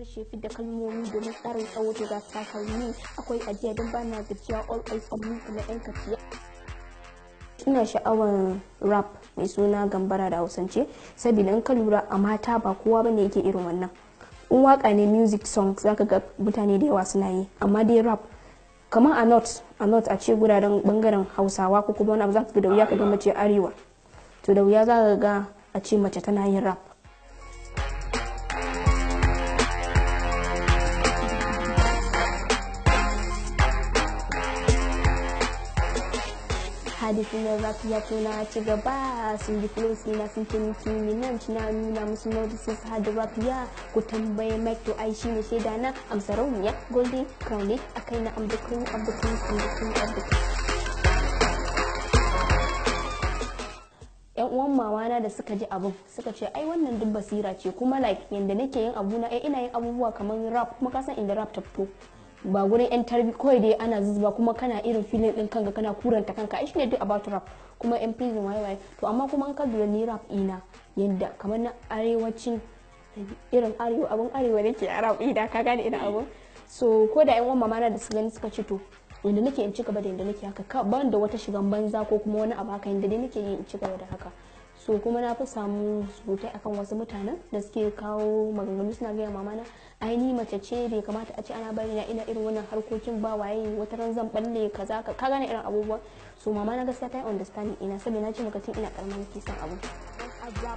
harshe da kalmomi domin tsarin tsawo da takalmi akwai ajiya don bana cewa all eyes on me na yan kaciya ina sha'awar rap mai suna gambara da hausance sabida in ka lura a mata ba kowa ne yake irin wannan in waka ne music song za ka ga mutane da yawa suna yi amma dai rap kamar a not a not a ce guraren bangaren hausawa ko kuma wani abu za ka ga da wuya ka ga mace arewa to da wuya za ka ga a ce mace tana yin rap hadisi na za ya ce na ci gaba sun ji flows na sun ce miki nan nuna musu notices had rap ya ku tambaye mike to ai shine shaida na amsa rauniya golden crown a kai na ambukin ambukin ambukin ambukin yan uwan mawana da suka ji abun suka ce ai wannan duk basira ce kuma like yanda nake yin abu eh ina yin abubuwa kamar rap kuma kasan inda rap ta fito ba gurin yan tarbi kawai dai ana zuzuba kuma kana irin filin din kanka kana kuranta kanka ai shine duk about rap kuma yan prison waye waye to amma kuma an ka lura ni rap ina yadda kamar na arewacin irin arewa abun arewa nake a rap ina ka gane ina abun so ko da yan uwan mama na da su gani suka ce to yanda nake in ci gaba da yanda nake haka ban da wata shigan banza ko kuma wani abu haka yanda dai nake in ci gaba da haka so kuma na fi samu surutai akan wasu mutanen da suke kawo maganganu suna gaya mamana ai ni mace ce bai kamata a ce ana bari na ina irin wannan harkokin ba waye wata ran zan balle kaza ka gane irin abubuwa so mama na gaskiya ta yi understanding ina saboda na ce maka ina karmar kisan abu drum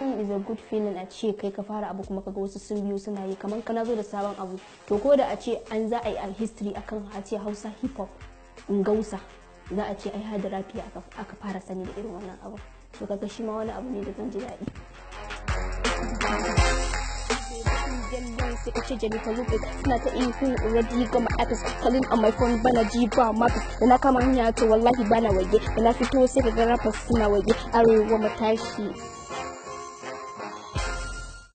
in is a good feeling a ce kai ka fara abu kuma kaga wasu sun biyu suna yi kamar kana zo da sabon abu to ko da a ce an za a yi a history akan a ce hausa hip hop gausa za a ce ai hada rafi aka fara sani da irin wannan abu to kaga shi ma wani abu ne da zan ji daɗi sai ce Jennifer Lopez suna ta ihu already gama actors calling on my phone bana ji ba maka da na kama hanya to wallahi bana waje da na fito sai ka ga suna waje arewa matashi